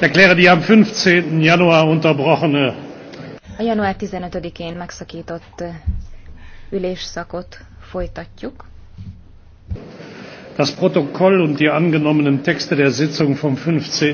Erkläre die am 15. Januar unterbrochene. A január 15-én megszakított eh, ülésszakot folytatjuk. Das Protokoll und die angenommenen Texte der Sitzung vom 15.